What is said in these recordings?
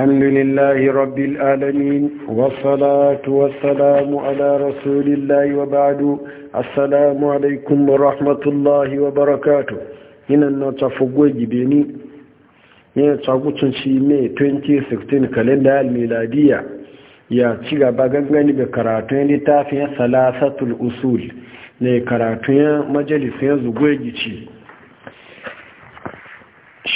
الحمد لله رب العالمين والصلاة والسلام على رسول الله وبعد السلام عليكم ورحمة الله وبركاته هنا نتفقوا جبيني yana tsagutun shi 2016 kalenda miladiya ya ci gaba gangani ga karatun littafin salasatul usul ne karatun majalisun zugwai gici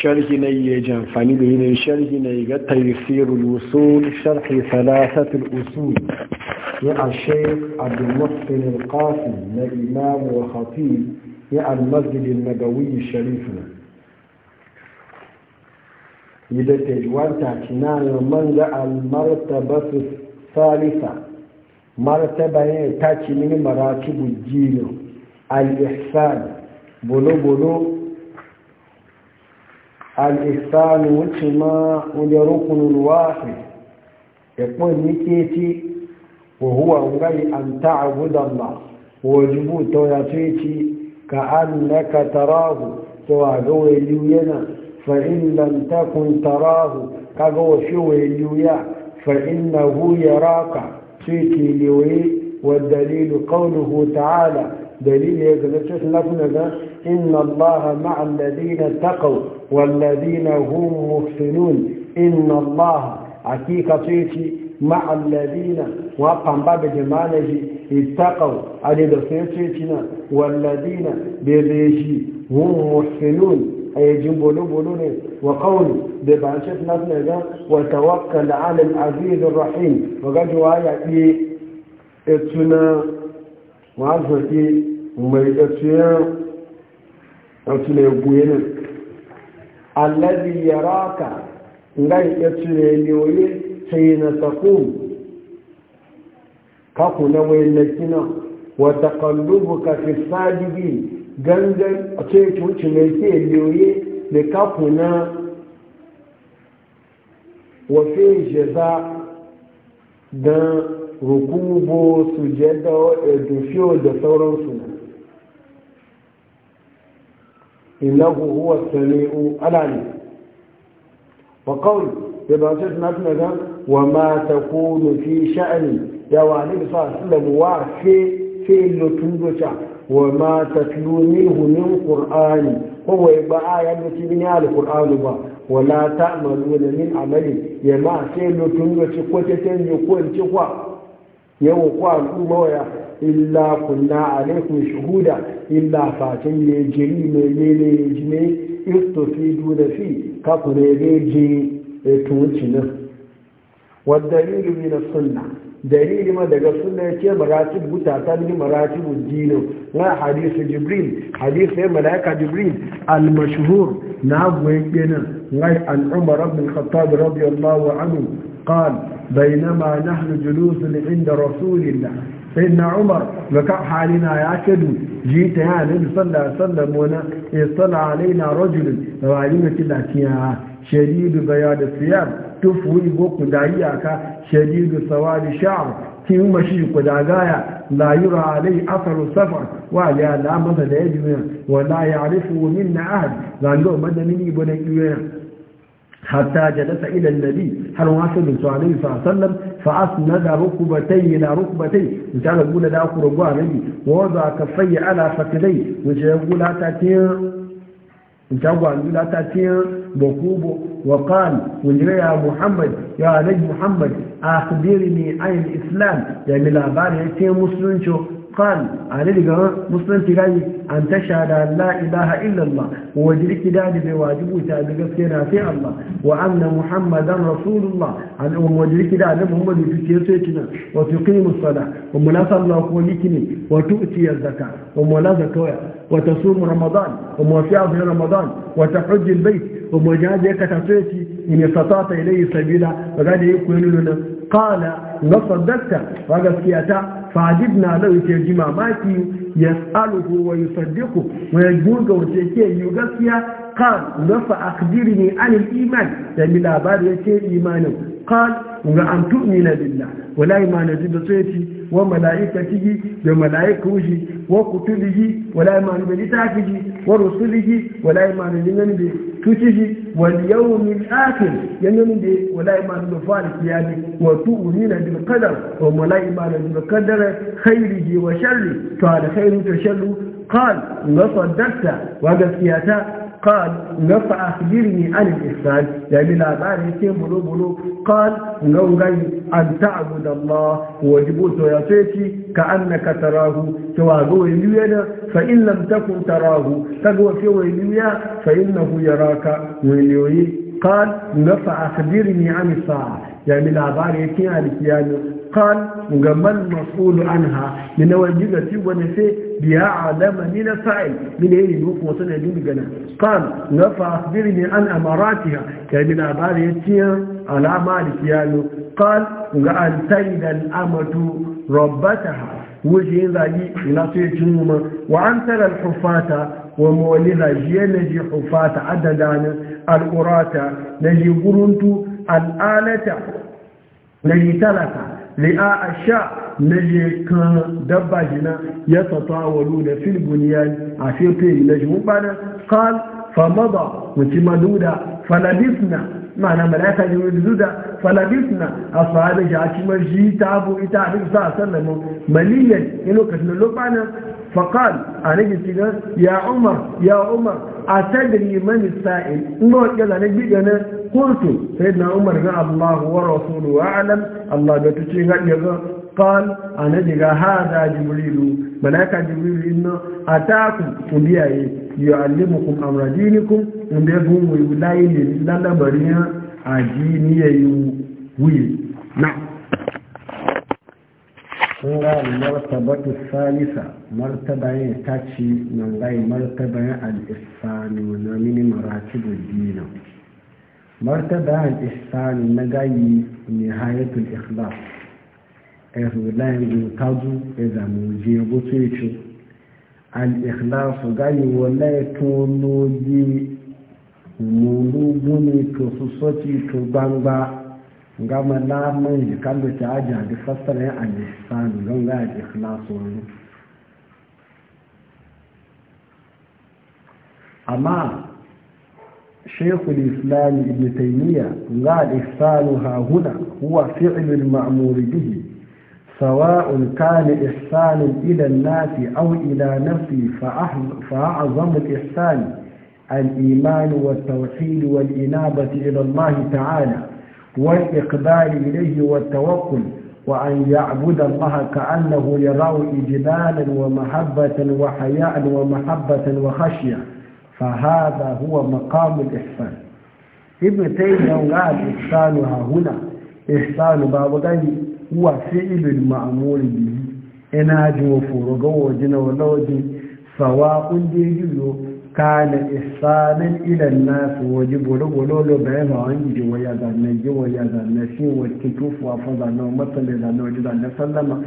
شرح نيجان فاني بهن شرح نيجا تيسير الوصول شرح ثلاثة الأصول يا الشيخ عبد المحسن القاسم الإمام وخطيب يا المسجد النبوي شريفنا إذا تجوان تحتنا من ذا المرتبة الثالثة مرتبة تحتنا مراتب الجيل الإحسان بلو بلو الإحسان والخماء ولركن واحد يقول نكيتي وهو غي أن تعبد الله وجبوت تويتيتي كأنك تراه تواجو اليوينا فإن لم تكن تراه كاجو شو اليويا فإنه يراك تيتي اليوي والدليل قوله تعالى دليل يقول إن الله مع الذين اتقوا والذين هم محسنون إن الله عكيك تيتي مع الذين وقام باب جمانه اتقوا على دسيتنا والذين بيجي هم محسنون أي جنبلو بلوني وقولي ببعشت نفسنا وتوكل على العزيز الرحيم وقد وآية اتنا وعزة اتنا اتنا اتنا allazi yaraka ngai yace ne oye sai na takum ka kuna wai na kina wa taqallubuka fi sajidi gangan a ce kuci ne ke liyoye ne ka kuna wa fi jaza da rukubu sujada da fiyo da sauransu na innahu huwa sami'u alim wa qawl ya ba sai na tuna ga wa ma takunu fi sha'ni ya wa ni sa sallam wa fi fi lutun docha wa ma tatlu minhu min qur'ani ko wai ba aya da ci bin al-qur'an ba wala ta'maluna min amali ya ma sai lutun doci ko ta tanji ko ci kwa yawon ku al'umma waya illa kunna alaikum shahuda, illa fatin ne jiri ne ne ne ji ne istofidu fi ka ne ne ne ji tunci nan wadda dalilu ne na sunna dalili ma daga sunna yake maratib gutata ne maratibu dino na hadisu jibril hadisu ya malaika jibril al-mashhur na goyen kenan ngai al-umar ibn khattab radiyallahu anhu قال بينما نحن جلوس عند رسول الله سيدنا عمر وكع حالنا يعكد جيت يا نبي صلى الله عليه وسلم ونا علينا رجل وعلينا كده كيها شديد بياض الثياب تفوي بوك دعياك شديد سواد شعر كي هم شيء قد لا يرى عليه أثر السفر وعلى لا مثل يجمع ولا يعرفه منا أحد لأنه مدى مني بنيوين حتى جلس إلى النبي هل واصل من صلى الله عليه وسلم فأسند ركبتي إلى ركبتي وإنت أنا أقول لا أقول ربوها النبي ووضع كفي على فكدي وإنت أقول لا تأتين إنت أقول لا تأتين بكوب وقال وإنت يا محمد يا علي محمد أخبرني عن الإسلام يعني لا بارئتين مسلم شو قال عليه قال مسلم تقال أن تشهد أن لا إله إلا الله ووجلك داني بواجب وتابق فينا في الله وأن محمدا رسول الله ووجلك داني اللي في سيرتنا وتقيم الصلاة وملا صلى الله وكوليكني وتؤتي الزكاة وملا زكاة وتصوم رمضان وموفع في رمضان وتحج البيت ومجاهد يكتفيتي إن استطعت إليه سبيلا وقال يقول لنا قال نصدقت وقال سياتا fajid na lau ke ji mamaki ya tsaluhu wa yi saddiku wa ya gurga wace ke yi gaskiya kan ga fa akbiri ne anil iman da mi labari ya ce imanin kan ga an tu'mina billah wala imanin da sai wa mala'ikatihi da mala'ikushi wa kutubihi wa la imanu bi litafihi wa rusulihi wa la imanu bi nan bi tutihi wal yawmil akhir yanan bi wa la wa sharri ta al khairu to قال وصدقت وقسياتا قال نصع أخبرني عن الإحسان يعني لا بارك بلو بلو قال نوغي أن تعبد الله وجبوت ويطيتي كأنك تراه تواغو إلينا فإن لم تكن تراه تقوى في ويليا فإنه يراك ويليوي قال نصع أخبرني عن الساعة يعني لا بارك عن الكيان قال ومن مسؤول عنها من وجبتي ونفي ليعلم من فعل من أين يوقف وصلنا لبقنا قال نفأخبرني عن أماراتها كمن أبار يتيا على مالك يالو قال وأن تجد الأمة ربتها وجه ذلك إلى سيجنوما وأن ترى الحفاة ومولدها جي نجي حفاة عددان الأراتة نجي قرنت الآلة نجي تلك رئاء الشعب na je kan dabba jina ya tatawalu da fil bunyan a fefe na jimun bana qal famada wuci maluda falabisna ma'ana malaka ne wani zuda falabisna a sahabi shi a shi ta abu ita a duk sa'a sallama maliyan ya lokacin da lokana faƙal a nake cikin ya umar ya umar a tadiri mani sa'in in ba wakil zane gida na kurtu sai na umar ga allahu wa rasulu wa alam allah ga tuce ga ɗaga قال a جرى هذا جبريل ملاك جبريل إنه أتاكم أبيعي يعلمكم أمر دينكم أبيعهم ويولاي لنا بريا عجيني ويل نعم Sura martabatu salisa martabayin ta ce nan gai martabayin al'isanu na mini maratibu dina martabayin al'isanu na gayi ne ikhlas ẹ̀sùn kazu lè kájú ẹ̀dàmù òjì ẹgbó tó ètò alìkìláàfù gáyìwọ̀ lẹ́ẹ̀tún gbangba gama lamun jikalu ta da fassarin alìsánù don ga alìkìláàfù wani amma shekul islam ibn taymiya ga al'ihsanu ha huna huwa fi'lul ma'muri bihi سواء كان إحسان إلى الناس أو إلى نفسي فأعظم الإحسان الإيمان والتوحيد والإنابة إلى الله تعالى والإقبال إليه والتوكل وأن يعبد الله كأنه يراه إجلالا ومحبة وحياء ومحبة وخشية فهذا هو مقام الإحسان ابن تيمية قال إحسانها هنا إحسان باب wa fi'ilul ma'muri bihi ina ji wa furo ga waje na wala waje sawa'un da yiyo kana ihsanan ila nas waje bolo bolo lo bai ma an ji waya ga na ji waya ga na shi wa kitufu wa fa na matsala da na da na sallama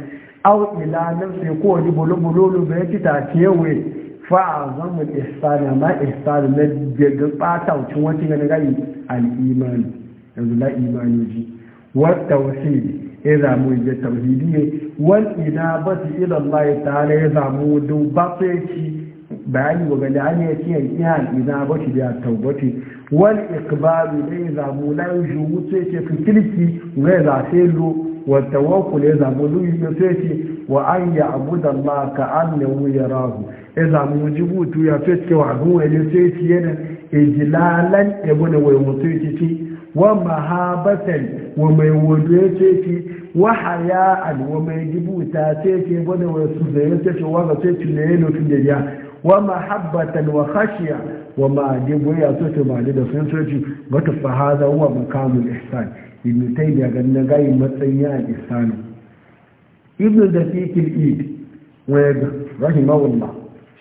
aw ila nafsi ko waje bolo bolo lo bai ci ta kewe fa azamu ihsana ma ihsan na ga bata wucin wacin ga na al imani yanzu la imani ji wa tawhid ya zamu ya tauhidi ne wal inabati ila Allah ta'ala ya zamu dubatse shi bayani wa gani an ya ce iya inabati da taubati wal ikbalu ne ya zamu la yuju sai ce fikirki ga za sai lo wa tawakkul ya zamu lu ya sai ce wa an ya abuda Allah ka annahu yarahu ya zamu jibutu ya sai ce wa ruwa ya sai ce yana ijlalan ya gune wai mutunci wa mahabatan wa mai wado ce fi wahaya an wa mai gibuta ce fi wani wasu zai ce wa wanda ce fi ne yana fi da ya wa mahabbatan wa khashiya wa ma dibu ya so ce mali da sun soci wata fahaza wa makamul ihsan ibn taymiya ga na gayi matsayi a ihsan ibn dafiq al-eid wa rahimahullah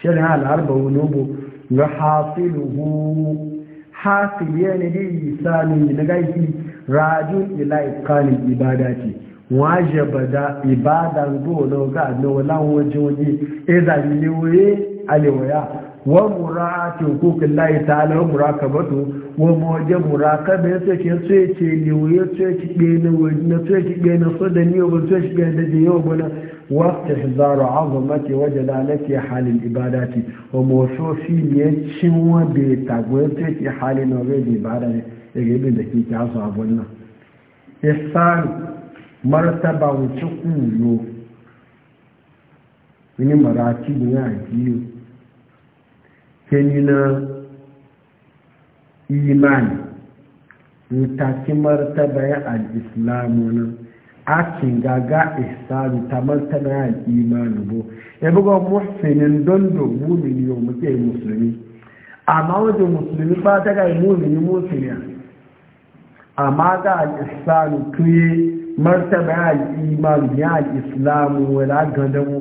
sharh al-arba wa nubu ga hasiluhu hasil yana da ihsan ne ga yi rajun ila itqani ibadati waje bada ibadan no ga no lan waje eza idza liwe alewaya wa murati hukukin lahi ta'ala wa murakabatu wa moje murakaba ya ce sai ce liwe ya ce ki bene wa na ce ki bene so da ni ba ce ki da je yo bana wa tahzaru azmati wa jalalati halil ibadati wa mawsufi ne cin wa be tagwe ce ki halin be ibadati daga ibin da ke kyasu abun nan ihsan martaba wuce kuyo wani marati ne ya biyu ke na imani mutaki martaba ya al-islamu nan akin gaga ihsanu ta martaba ya al-imani bo ya buga muhsinin don do mumini yau muke musulmi amma wajen musulmi ba ta ga mumini musulmi amma ga al'isanu tuye martaba ya al'iman ya al'islamu wala gadamu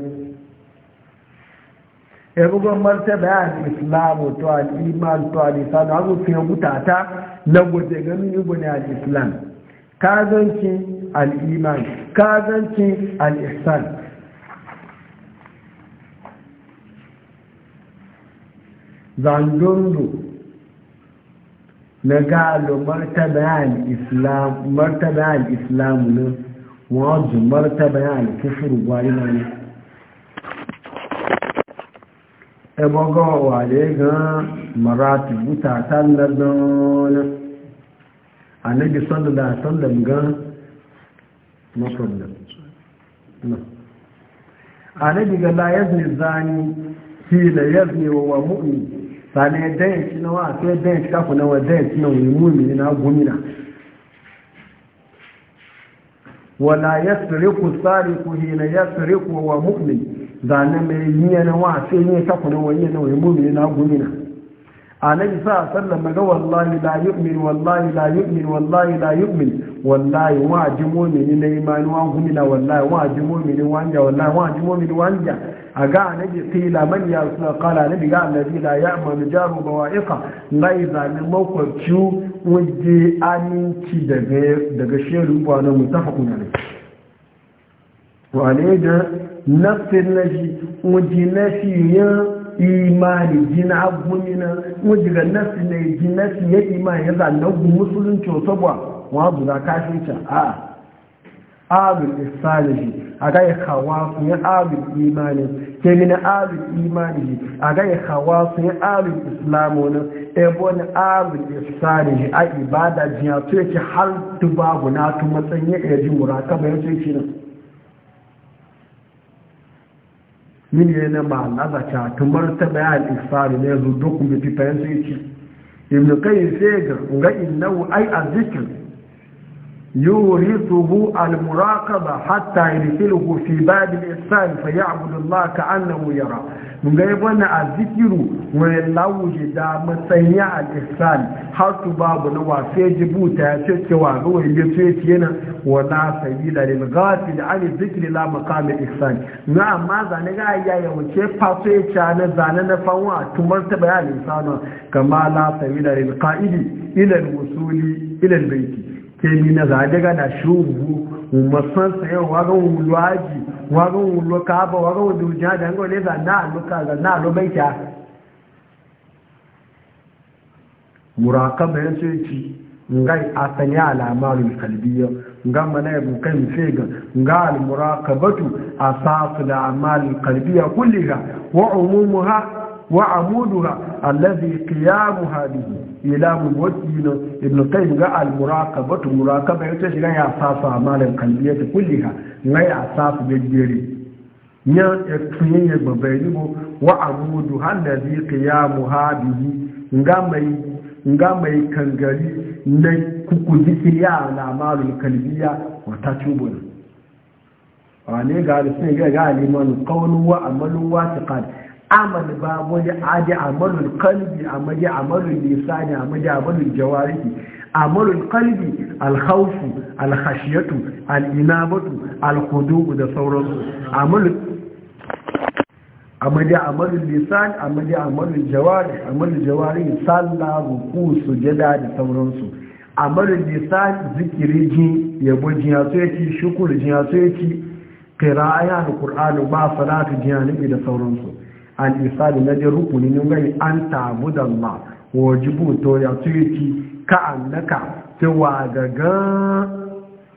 ebugon martaba ya al'islamu to al'iman to a hagu ya gutata na gwaje ganin yi gune al'islam kazanci al'iman kazanci al'isan zandondo na galo martaba islam martaba ne wọ́n martaba al-kufuru gwari na ne ẹgbọ́gọ́ e wà lè gan maratu butata na annabi sallallahu alaihi wasallam gan masallam annabi ga la yazni zani fi la yazni wa mu'min sane dance na wa sai dance kafu na wa dance na wani mumini na gumina wala yasriku sariku hina yasriku wa mu'min zane mai yiya na wa sai ne kafu na wani na wani mumini na gumina annabi sa sallam ga wallahi la yu'min wallahi la yu'min wallahi la yu'min wallahi wa ji mu'mini na imani wa gumina wallahi wa ji mu'mini wanja wallahi wa ji mu'mini wanja a ga annabi qila man ya rasul qala annabi ga annabi la ya'malu jaru bawa'iqa ngai zalim makwabciu waje aminci daga daga shehu ba na mutafaqun alayhi wa ne da nafsin naji nafsi ya imani jina agumina waje ga nafsi ne nafsi ya imani ya zanna gu musulunci sabwa wa buza kafinta a abul isalahi a ga ya kawa ya abul imani ke min alu imani a ga ya hawa su ya alu islamu ne ebo ni alu isani ji a ibada jiya to yake har tuba guna tu matsayin ya ƙaji murakaba ya ce nan min yi na ma lazaca tu martaba ya al-isani ne zo dukkan bi fifayen sai ce ibn kai sai ga ga innahu ai zikin. yurithuhu almuraqaba hatta yudkhiluhu fi babi lihsan fayabudu ka kaannahu yara mungaye a azikiru wani lawuje da matsanya alihsan har su babu na wasu ya jibuta ya ce cewa ga wani ya ce ce yana wala sabila lil ghafil an zikri la maqam ihsan na amma zane ga ya ya wuce faso ya ce na zane na fanwa tumar ta bayanin sana kama la sabila lil qaidi ila al wusuli ila al baiti emi na zajaga da shugu umarsan sayo wagon wulo aji wagon wulo kaba wagon wulo jiha da hango ne zanna aluka zanna alubaita murakaba ya ce ci ngai asani alamarul kalbiya nga mana ya bukan fega nga almurakabatu a sasu da amalul kalbiya kulliha wa umumuha wa amuduha allazi qiyamuha bihi ilamu wakilin ibn kai ga al-muraqabatu muraqaba ita shiga ya safa ta kulli ha na ya safa ya nya etunye ye babai libo wa amudu allazi qiyamuha bihi ga mai kangari na kukuzi ya na amalul kalbiya wa tatubun wane ga alisun ga ga alimanu qawlu wa amalu wa amal ba wani adi amalul kalbi amali amalul lisani amali amalul jawariki amalul kalbi alhaufu alhashiyatu al'inabatu alhudu da sauransu amalul amali amalul lisan amali amalul jawari amalul jawari sallah ruku jada da sauransu amalul lisan zikiri jin yabo jiya ya yake shukur jiya so yake kira ayyana kur'anu ba salatu jiya da sauransu al-isali na da rukuni ne ngai an ta'budu Allah wajibu to ya tuyi ka annaka ta wagaga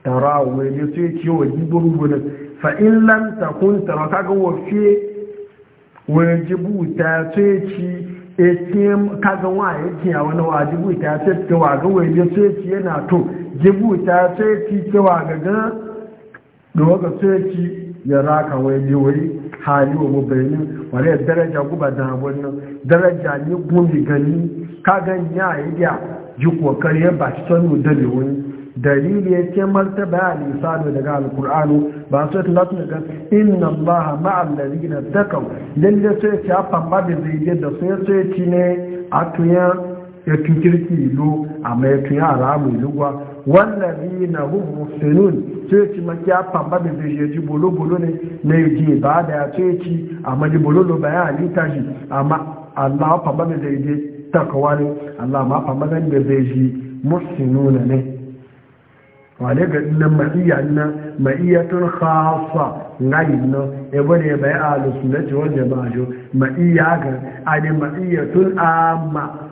tarawo ne tuyi ci wajibu rubuna fa in lam takun tara kaga wafe wajibu ta tuyi ci etim kaga wa yake ya wani wajibu ta tuyi ta waga wajibu tuyi ci yana to jibu ta tuyi ci ta wagaga da waga tuyi ci ya raka wai ne wai hali wa mubayanin wani daraja guba da wannan daraja ne gumi gani ka gan ya yi ya ji kokari ya ba shi sanu da lewin dalili ya ce martaba ya lisano daga alkur'anu ba su ta lati daga inna allah ma'al na takaw lalle sai ya famba da zai da sai sai ne a tuya ya tukirki ilo a mai tuya ramu iluwa na hum muhsinun sai ci afan ba da zai ji bolo bolo ne na yaji ba da ya ce ci a ji bolo ba ya halitta shi amma Allah ba da zai je takawa ne Allah ma ba da zai ji na ne wane ga nan ma'iya tun ma'iyatun khasa yi nan e ne bai alu sunnati wal jama'a jo ma'iya ga ani ma'iyatun amma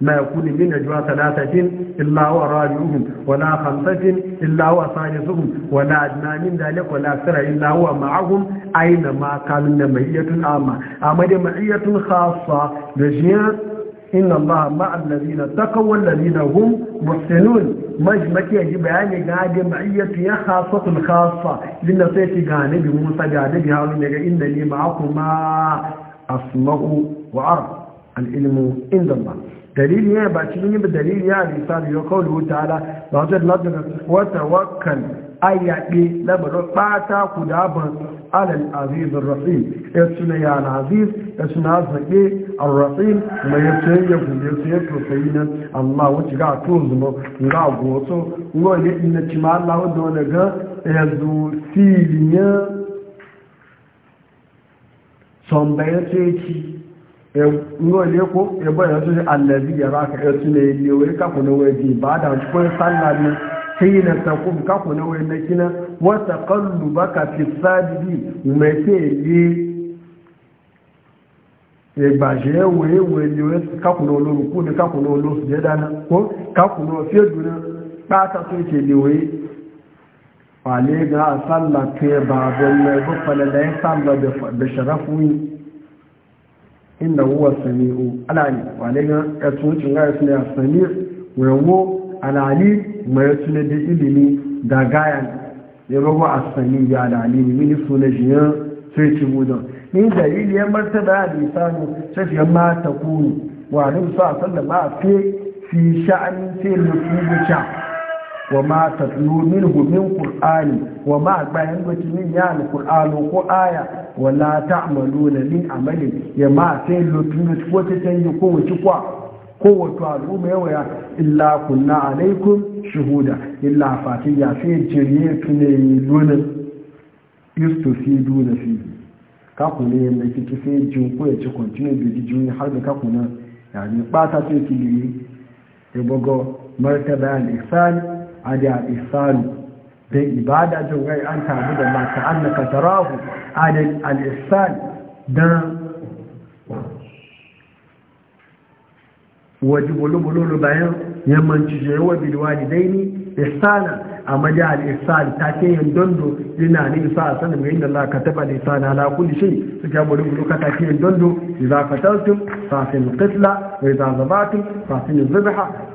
ما يكون من نجوى ثلاثة إلا هو رابعهم ولا خمسة إلا هو سادسهم ولا أدنى من ذلك ولا أكثر إلا هو معهم أينما كان معية عامة أما دي معية خاصة بجيان إن الله مع الذين اتقوا والذين هم محسنون majmaki ya ji bayani ga da ma'iyyatu ya khasatul khassa dinda sai ki ga nabi Musa ga nabi Harun daga inda ni ma'akuma asma'u wa ar al ilmu inda Allah dalili ne ba cikin yin dalili ya risa da yau kawai ta'ala da wajen lardana wata wakan ayyaɗe labarin ɓata ku daban alal azizin rasim ya suna ya aziz ya suna zaɓe a rasim mai ya ce ya gube su ya tosayi nan amma wacce ga to zuma ga ina ci ma Allah wani ga ya zo filiyan son ngole ko e ba alabi allazi yaraka ya tune ne wai ka kuna wai ji ba da ko sallah ne sai na ta ku ka kuna wai na kina wa taqallubaka fi sajidi me ke yi e ba je we we ni we ka ku ne ka kuna oloru je ko ka kuna fi duna ba ta so ce ne wai wale ga sallah ke ba da ya inna huwa sami'u alani walaga ya tuncin ga e yasu ya sami wayo alali mai tuna da ilimi da gayan ya rabu a sami ya alali min sunan jiya sai ci mudan ni dalili e ya martaba ya lisanu sai ya e mata kunu wa alaihi sallallahu alaihi wasallam fi fi sha'anin sai mutubuca wa ma tatlu minhu min qur'ani wa ma bayan gaci min ya alqur'anu ko aya wa la ta'maluna min amalin ya ma sai lutun ko ta tanyi ko wuci kwa ko wato al'umma yawa ya illa kunna alaikum shuhuda illa fatin ya sai jiriye tune isto yustufidu na fi kaku ne yanda kike sai jin ko ya ci continue da jijuni har da kaku na yani ba ta ce ki ne ya bago martaba al-ihsan a da isanu da ibada jin gai an tabi da mata annaka tarahu a da al'isan don waje bulubululu bayan yammanci jewa bilwa da daini isana a maja al'isan ta ke yin dondo yana ne isa a sanin mai inda laka taba da isana kulli shi su ke bulubulu ka ta ke yin dondo iza fataltum fasin kitla wa iza zabatun fasin zubiha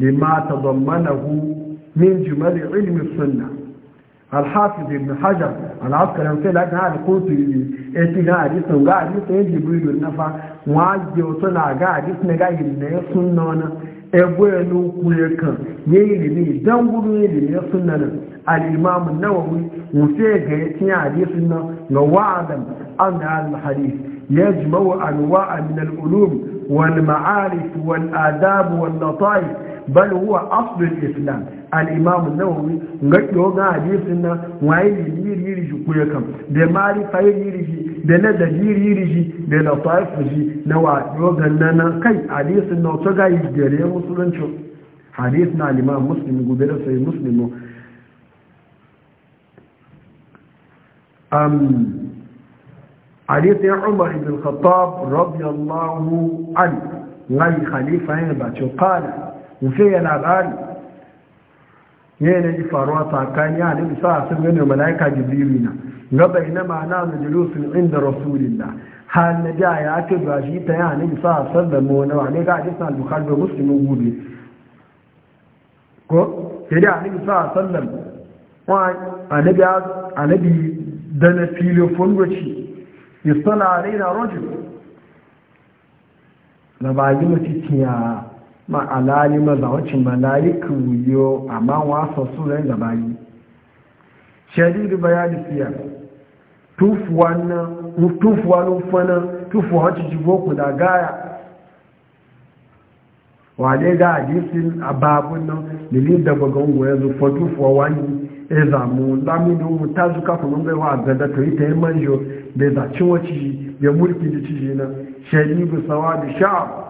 لما تضمنه من جمال علم السنة الحافظ ابن حجر العسكر يمثل لك هذا القرطبي اتي قاعد يسن قاعد يسن جبريل النفع وعجي وطلع قاعد يسن قاعد يسن سنونا eboyanu kuyekan ya yi limi don gudu ya limi ya sunna nan al'imamun nawawi wuce ga ya tiya hadisun nan ga wa'adan an al-hadis ya anwa'a min al-ulum wal ma'arif wal adab wal lataif bal huwa aslul islam al-imam an-nawawi ngaddo ga hadisin nan waye yiri yiri shi kuya kam da mari fa yiri shi da na da yiri yiri shi da na taif shi na wa yogan nan kai hadisin nan to ga yi gare musulunci hadis na al-imam muslim gobe da sai muslimu am hadis umar ibn khattab radiyallahu anhu ngai khalifa ne ba ce qala wufe yana tsari ji faruwa tsakani a isa a sun gani mala'ika jibrilu na gaba ina ma'ana na jirusun inda rasulillah har na a ya ake ba shi ta yana nabi sa sallama wani wa ne ga a al-bukhari da musulmi gobe ko sai da nabi sa sallam a ne bi da na filofon goci yusala alaina rai na ba yi mutum ya ma alali maza wacin malalikin wuyo amma wasa sunan da bayi shari'ar bayani siya tufuwa nufana tufuwa wacin jibo ku da gaya wale ga hadisin babun nan lilin da bagon ya zufa tufuwa wani ya e zamu lamini ta zuka kuma gaiwa wa gada to ita yi manjo bai zaci wacin ya mulki da ciji na shari'ar sawa da sha'a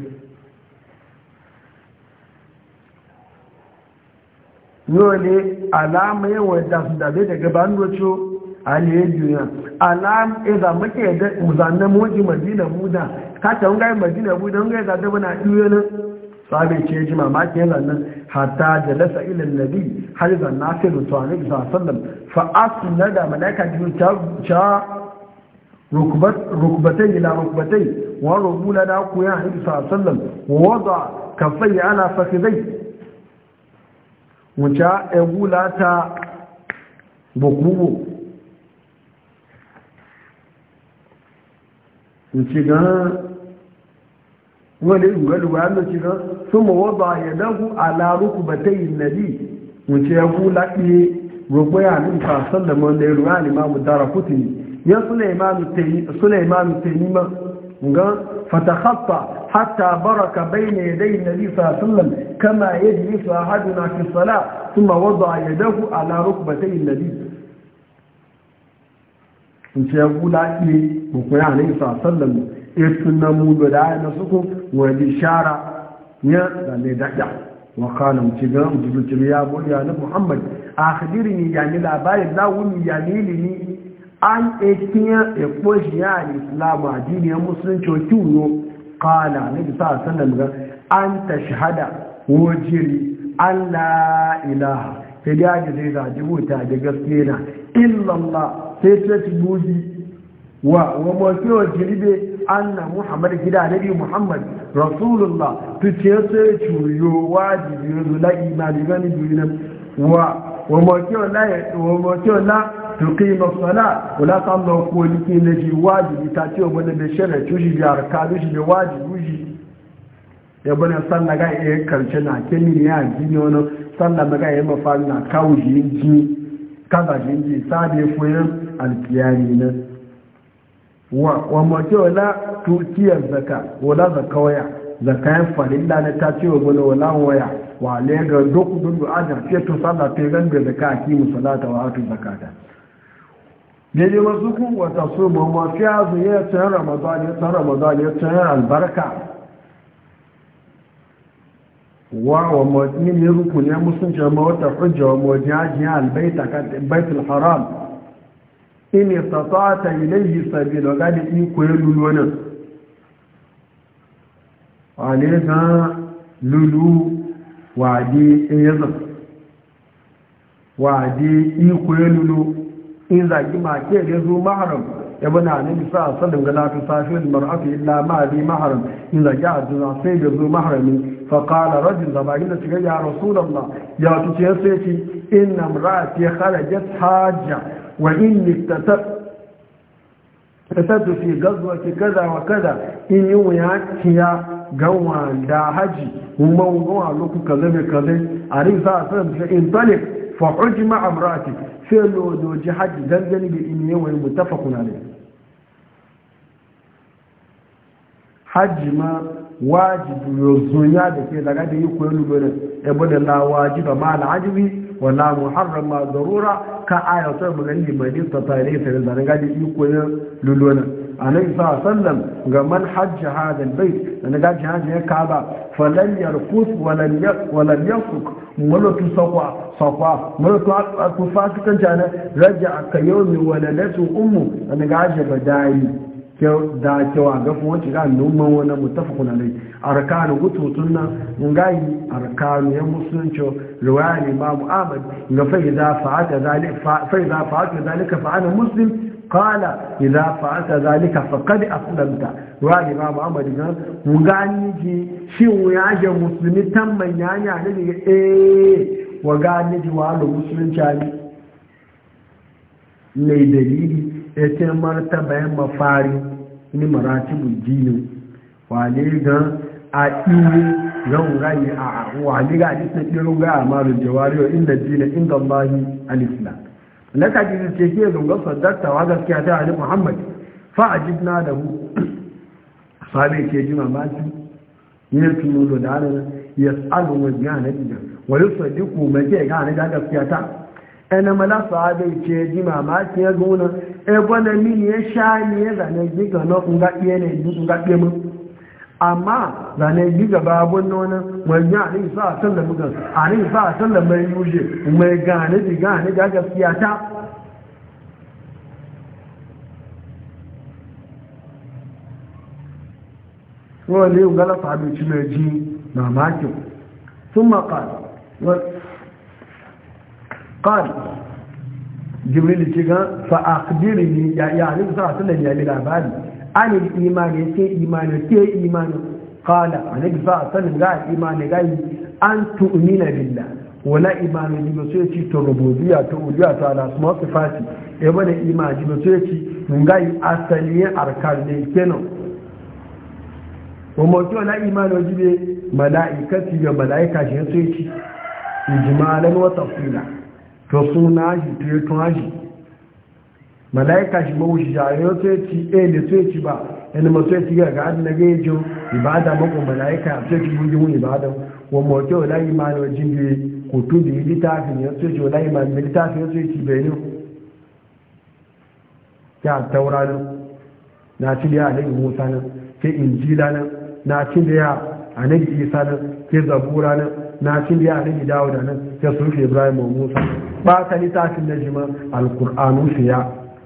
yole alama yawa da su dabe daga bandocho aliyu juna alam iza muke da zanne moji madina buda ka ta ngai madina buda unga da dabe na duyo nan sabe ce ji mamaki yana nan hatta lasa ila nabi har zanna fi rutwani da sallam fa asna da malaika ji ta rukbat rukbatai ila rukbatai wa rubula da ku ya nabi sallam wada kafai ala fakhidai wuta egula ta bukubu nci gan wani ruwa-ruwa na ci gan sun mawa ba ya dagu a laruku ba ta yi nabi muce ya gula ɗiye rukwaya nun fasar da mawanda ya ruwa limamu dara ta ma فتخطى حتى برك بين يدي النبي صلى الله عليه وسلم كما يجلس أحدنا في الصلاة ثم وضع يده على ركبتي النبي سيقول عليه بقية عليه صلى الله عليه وسلم إثنى مدعى نسكم وإشارة لذلك وقال امتقام جبتل يا أبو يا محمد أخبرني يعني لا بارد لا ومي يعني لي an ekiya ekposhi ya islamu a jiniyar musulunci kiwo kala na bisa da ga an ta shahada wajiri an ilaha, ta da yaji zai zaji wuta da gaske na illallah sai ta ci buji wa mafi wajiri bai an na Muhammadu gida nabi muhammad rasulullah ce sai curiyo wajibi yanzu la'imani gani duniya wa mafi wala tuqima sala wala sallu ko liki ne ji wajibi ta ce wani da shara tuji bi arkanu shi da wajibi shi ya bane sallah ga e karshe na kemi ya ji ne wani sallah ga e mafari na kawo ji ji kaza ji ji sabe fuyin alkiyari ne wa wa mace wala tutiyar zaka wala zakawaya zakayan farilla na ta ce wani wala waya wa ne ga duk dundu ajar ce to sallah ta ganbe zakati musalata wa atu zakata daidai wasu kun wata su ma mafi azu ya tsayin ramadan ya tsayin ramadan ya tsayin albarka wa wa mutum ne rukun ya musulunci ma wata hujja wa mujaji albaita baitul haram in istata'ta ilayhi sabila ga da iko ya lulu nan ale ga lulu wadi in yazan wadi iko ya lulu in zagi make da zo maharam ya bana ne bisa a sanin ga lafi safiyar mar'afi illa ma bi maharam in zagi a jina sai da zo maharami fa qala rajul da bagin da shiga ya rasulullah ya tuce sai ce inna imra'ati kharajat hajja wa inni tatatu fi ghazwati kaza wa kaza in yi wuya gawa da haji umar gawa lokuka zabe kazai a rin sa a sanar da in talib fa hujji ma'amrati felo doji hajji gangani da imiye wani mutafakun alai hajji ma wajibu yozunya da ke daga da yi koyon lura ebe da la wajiba ma al'ajibi wala muharram ma zarura ka ayatul da mai ta tare ta da da yi koyon lulona annabi sallallahu alaihi wasallam ga man hajji hadal bait da ga ya kaba falan yarqus walan walan yasuk mulatu saqwa saqwa mulatu ku raja ka yawmi walalatu ummu da ga jaba dai da cewa ga kuma ci ga numan wani mutafakun alai arkanu gututun nan ngai arkanu ya musulunci riwaya ne imamu ahmad ga fa idza fa'ata zalika fa قال إذا فعلت ذلك فقد أسلمت وعلي ما محمد قال وقال نجي شو يعجى مسلمي تم يعني يعني إيه وقال نجي وعلى مسلم شاري mai dalili ya ce bayan mafari ni maratibul dini wale gan a ɗiwe zan rayu a wale ga hadisun ɗin gaya a marar jawariyo inda dina inda Allahi laka ji ce ke zungar sadarta wa gaskiya ta ali muhammad fa ajibna da hu sabe ke ji mamaki ne tuno da ana yas'alu wa gane da wa yusaddiqu ma ke gane da gaskiya ta ana mala sabe ke ji mamaki ya gona e gona mini ya sha ni ya zane ji ga no kun ga iya ne kun ga mu amma da ne giga babun nuna mai yi alayi sa a sallar mugan alayi sa a sallar mai yuje mai gane di gane ga gaskiya ta wọn ne yi galafa abinci mai ji na makin sun maka kan jimrili ci gan fa'akdiri ne ya yi alayi sa a sallar yami labari Ani yi imani sai imani ke imani kala a nabi sa a sanin ga imani gayi an tu'mina billah wala imani ji ba ya ci to rububiyya to uliya ta ala asma sifati e bane imani ji ba ya ci ngai asali arkan ne kenan wa mutu wala imani ji be malaikati ga malaika shi sai ci ijmalan wa tafsila to suna shi to tunaji malaika shi ba wuce jayo sai ci eh da sai ci ba yana ma sai ci ga ga na ga jo ibada mako malaika sai ci gungi mun ibada wa moke wala iman wa jinbi kutubi litafin ya sai ci wala iman litafin ya sai ci bayin ya taurano na ci da alai musa nan ke injila nan na ci da annabi isa nan ke zabura nan na cin da ya dawo dawuda nan ya sufi ibrahim wa musa ba ta ni na jima alkur'anu su ya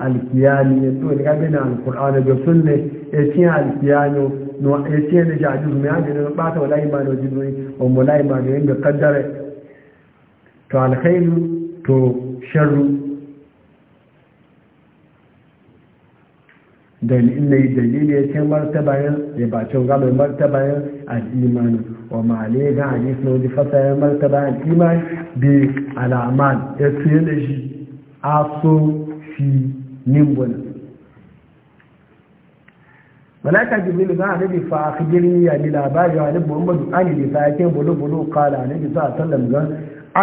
alkiyani ya to daga bina alkur'ani da sunne e ce alkiyani no ya ce da jadi mu ya da ba ta wallahi ma da jidoi wa mulai ma da yanda kaddare to alkhairu to sharru inne dalili ya ce martabayan ya ba bacin gaba martabayan al'imani wa male ga hadis na wani fasayen martabayan al'imani bi alaman ya tsaye da shi aso fi nimbona malaka jibril ga annabi fa akhbirni ya ni labari wa annabi muhammadu an li fa yake bulu bulu qala annabi sallallahu sallam ga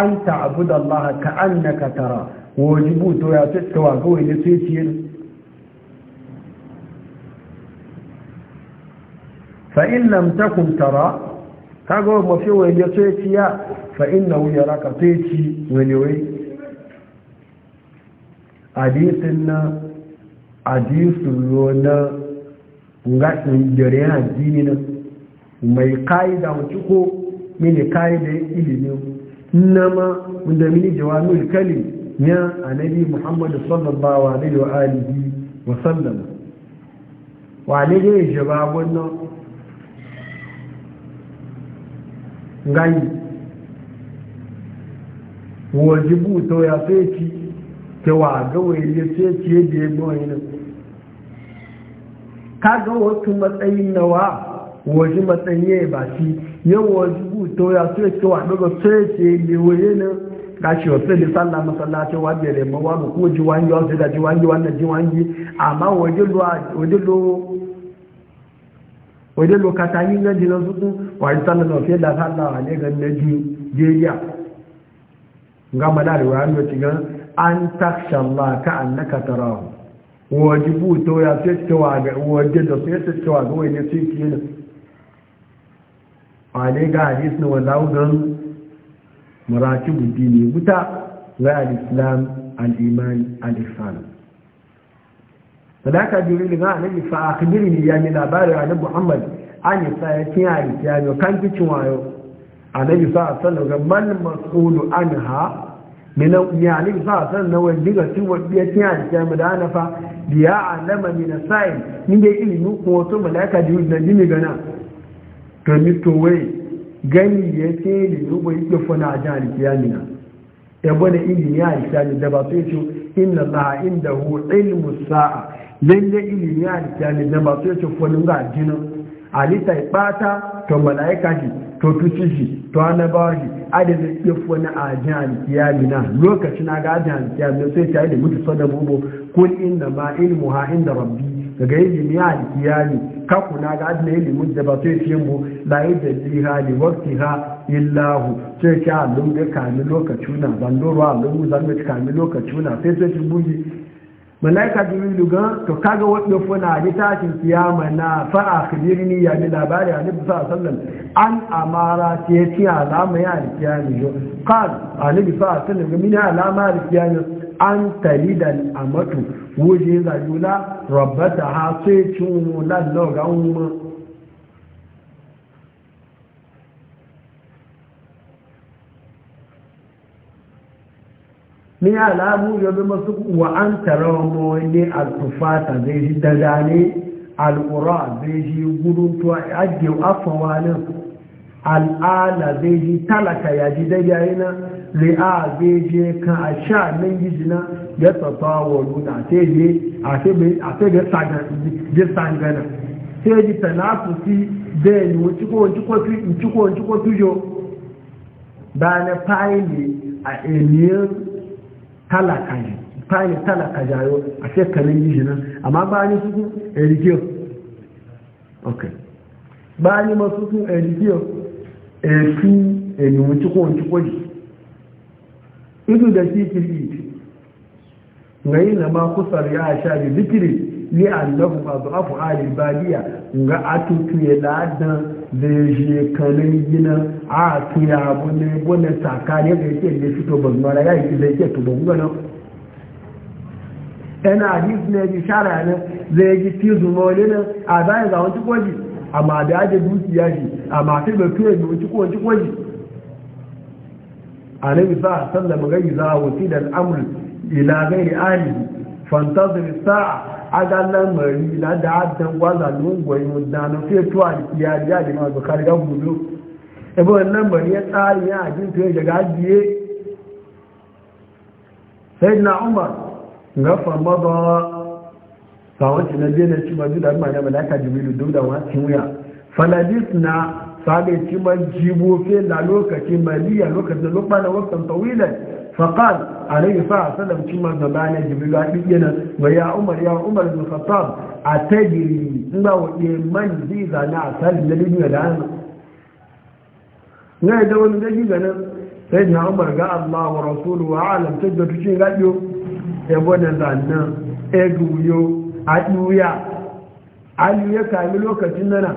an ta'budu allaha annaka tara wajibu to ya to ga wani sai ciye fa in lam takun tara kaga mafi wani sai ciya fa innahu yaraka sai ci wani wai hadisin na hadisun yo na nga jere addini na mai kaida wuce ko mini kaida ilimi ma da mini jawamul kalim ya annabi muhammadu sallallahu alaihi wa alihi wa sallam wa alaihi ne jawabun nan ngai wajibu to ya sai cewa gawai ya ce ce da ya goyi nan ka ga wasu matsayin nawa waje matsayin ba shi yau waje buto ya ce cewa daga ce ce da waje nan ga shi wasu da na masallacin wajen da lemon wa ko jiwangi wasu da jiwangi wannan jiwangi amma waje lo wajen lokatanin na jinan suku wani sallar na fiye da sallar a ne ganin na jiya ga mada da wani wacce gan an taksha Allah ka annaka tarahu wajibu to ya tattawa ga waje da sai tattawa ga wani sai ki ne ale ga hadis ne wallahu gan maratibu dini buta wa al-islam al-iman al-ihsan sadaka jibril ga annabi fa akhbirni ya ni labarin annabi muhammad an sa ya kiyaye kiyaye kan kicin wayo annabi sa sallallahu alaihi wasallam man mas'ulu anha minan yani san na wani diga tun wadda a tiya da kyamu da hanafa da ya alama ne sa'in ni da ilimi ko wato malaka jini gana to ni to wai gani ya ce ne rubu ya fana a jihar kiyamina ya bane ilimi ya alkiyami da ba sai ce inna allaha indahu ilmu sa'a lalle ilimi ya alkiyami da ba sai ce fana ga jinin alita ya bata to malaika ji to shi to ba shi adadin ifu na ajin alkiyami na lokacin na ga ajin alkiyami na sai tare da mutu sada bubo kun inda ma ilmu ha inda rabbi daga ilimi alkiyami kaku na ga ajin ilimin da ba sai ce mu la yi da jiha li wakti ha illahu sai ce a lungu kami lokacin na zandoro a lungu zandoro kami lokacin na sai sai shi bugi malaika jibrilu gan to kaga wadda funa ji tashin kiyama na fa akhbirni ya bi labari annabi sallallahu alaihi wasallam an amara ce ce alama ya ne jo qal annabi sallallahu alaihi ga min alama ne an da amatu wuje zajula rabbata ha sai cin lan lo ga umma ni alamu yobe masu wa an tara wani alfufata zai ji dadane al'ura zai ji gudun tuwa ajiye afawanin al'ala zai ji talaka ya ji dadaye na ri'a zai je kan a sha nan gijina ya tafa wa luna a sai ga sangana sai ji tanafusi zai yi wanci ko wanci ko wanci ko wanci ko ba na fayi ne a alien e talaka ne fayil talaka jayo a shekarun yi nan amma bayan su sun erigiyo ok bayan masu sun erigiyo esu enyumu cikon cikon idu da shi kirgi ga yi na ma kusur ya sha da zikiri ni annabu ba zuwa fu'ali baliya ga atutu ya ladan da ya gina a tuya abu ne saka ne da yake ne fito bazmara ya yi zai ke tuba gano yana hadis ne ji shara ne zai yi fi zuma wani nan a bayan zawon cikwaji amma da yadda dukiya shi amma fi da tuya da cikon cikwaji a nan isa a sallama gani za a wasi da al'amur ila gairi alihi fantazir sa'a agalar mari la da adan wala lungoyi mudana sai to a ya a jima bukari ga gudu ebe wannan mari ya tsari ya ajin to ya ga ajiye sai na umar ga famada sawon na je na ci mazu da ma na malaka jibilu duk da wa wuya faladis na sabe ci ma jibo fe la lokaci maliya lokacin lokacin lokacin tawilan فقال عليه الصلاة والسلام كما زمان جبريل أبينا ويا عمر يا عمر بن الخطاب أتجري لو من زي زنا أسأل النبي ودعنا na da wani gaji ganin sai na umar ga Allah wa rasulu wa alam ta da tuce gajo ya bada zannan ya guyo a aliyu ya kami lokacin nana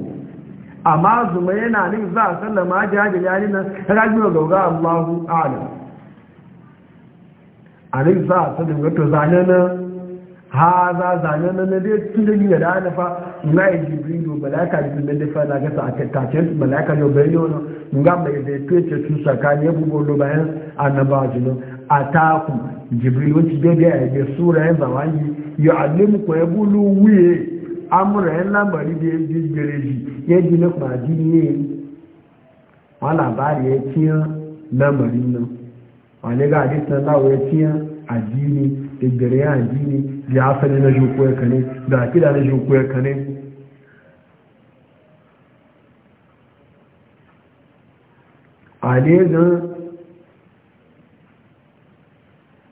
amma zuma yana nan za a sallama jihajin yari nan rajiyar gauga allahu alam a nan za a sallama to zane na ha za zane na na dai tun da gina da ana fa na yi yau malaka jibrilu na dafa na gasa a tattacen malaka yau bai yau nan ga mai zai tuce su sakani ya bugu wani bayan annaba a jino a taku jibrilu wacce bai bai a yi sura ya zawangi ya alimu ko ya bulu wuye amuran lamari da ya gare shi ya ji ne wani labari ya ciya lamarin nan wani ga hadisun lawa ya ciya addini da gare ya addini da asali na shoko ya kane da akida na shoko ya kane alezan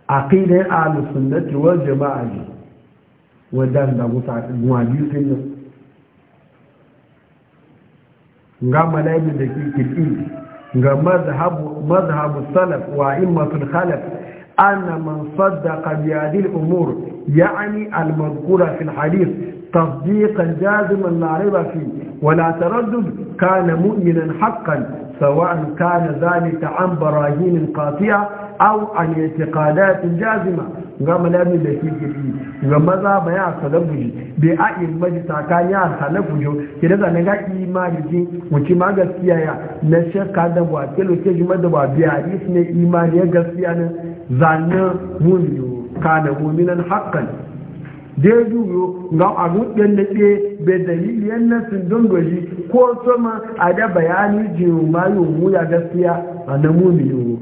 aqidan ahlus sunnati wal jama'a wadan da musa muwaji sun yi ga malaibin da ke kiɗi ga mazhabu salaf wa immatul khalaf anna man saddaqa bi hadhihi al-umur ya'ni al-madhkura fi al-hadith تصديقا جازما لا ريب فيه ولا تردد كان مؤمنا حقا سواء كان ذلك عن براهين قاطعه aw an i'tiqadatin jazima ga malami da ke gidi ga maza ba ya salafuji bai a imani sakani ya salafujo ke da zanen ga imani ji wuce ma gaskiya ya na shakka da ba ke loke jima da ba biya is ne imani ya gaskiya ne zanen mumiyo kana muminan haqqan dai juyo ga abun ɗin da ke bai dalilin nasin don gaji ko sama a da bayani jiyo mayu mu ya gaskiya a na mumiyo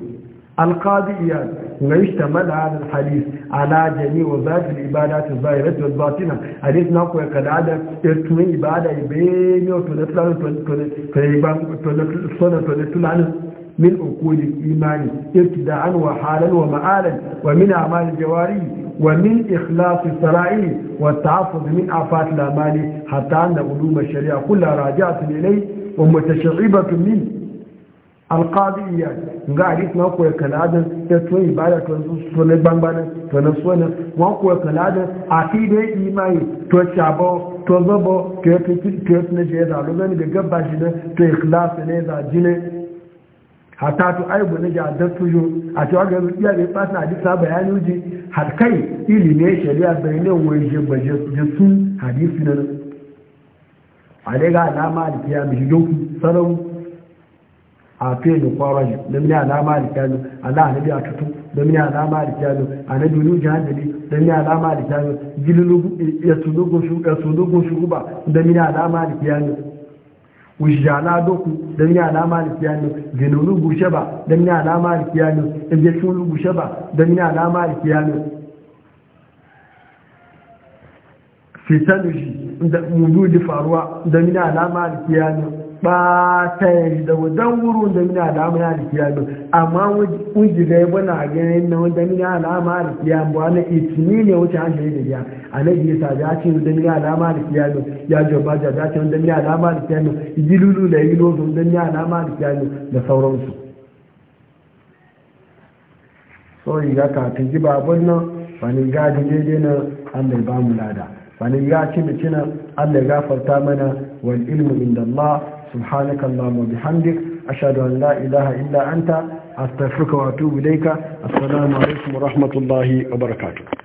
القاضي إياد يشتمل هذا الحديث على جميع وظائف العبادات الظاهرة والباطنة حديث نقوى كالعادة ارتوين عبادة بين وطلتلان وطلتلان من أقول الإيمان ابتداء وحالا ومآلا ومن أعمال الجواري ومن إخلاص السرائر والتعفض من آفات الأمال حتى أن علوم الشريعة كلها راجعة إليه ومتشعبة منه iya ga hadith na koya kaladin ya to ibada to to ne bangbanin to na ne wa koya kaladin a fi da imani to chabo to zabo to ya fi to ya ne je da ne ga gaba shi ne to ikhlas ne da jine hatta to bu ne ga da tuju a to ga iya ne fa na bayani uji har kai ilimi shari'a bai ne wai je ba je su ne ale ga alama da a fiye da kwaraji da mini alama da kyanu ala anabi a tutu da mini alama da a anabi nu jihadali da mini alama da kyanu gililugu ya sunugun shuguba da mini alama da kyanu wujjala doku da mini alama da kyanu ginulu gushe ba da mini alama da kyanu ijesulu gushe ba da mini alama da kyanu fitanushi da mudu faruwa da mini alama da kyanu batayen da wajen wurin da mina alama ya rikiya don amma wujin da ya bana a ganin na wanda mina alama ya rikiya ba na itini ne wuce an shayi da ya a na biyu sa ya ce wanda mina alama ya rikiya don ya jo ba ja ce wanda mina alama ya rikiya don jilulu da yi lozo wanda mina alama ya rikiya don da sauransu sauyi ga kafin ji babun nan wani gadi daidai na allah ba mu lada wani ya ci an allah gafarta mana wal ilmu inda allah subhanaka allahumma bihamdik ashhadu an la ilaha illa anta astaghfiruka wa atubu ilayka assalamu alaikum wa rahmatullahi wa barakatuh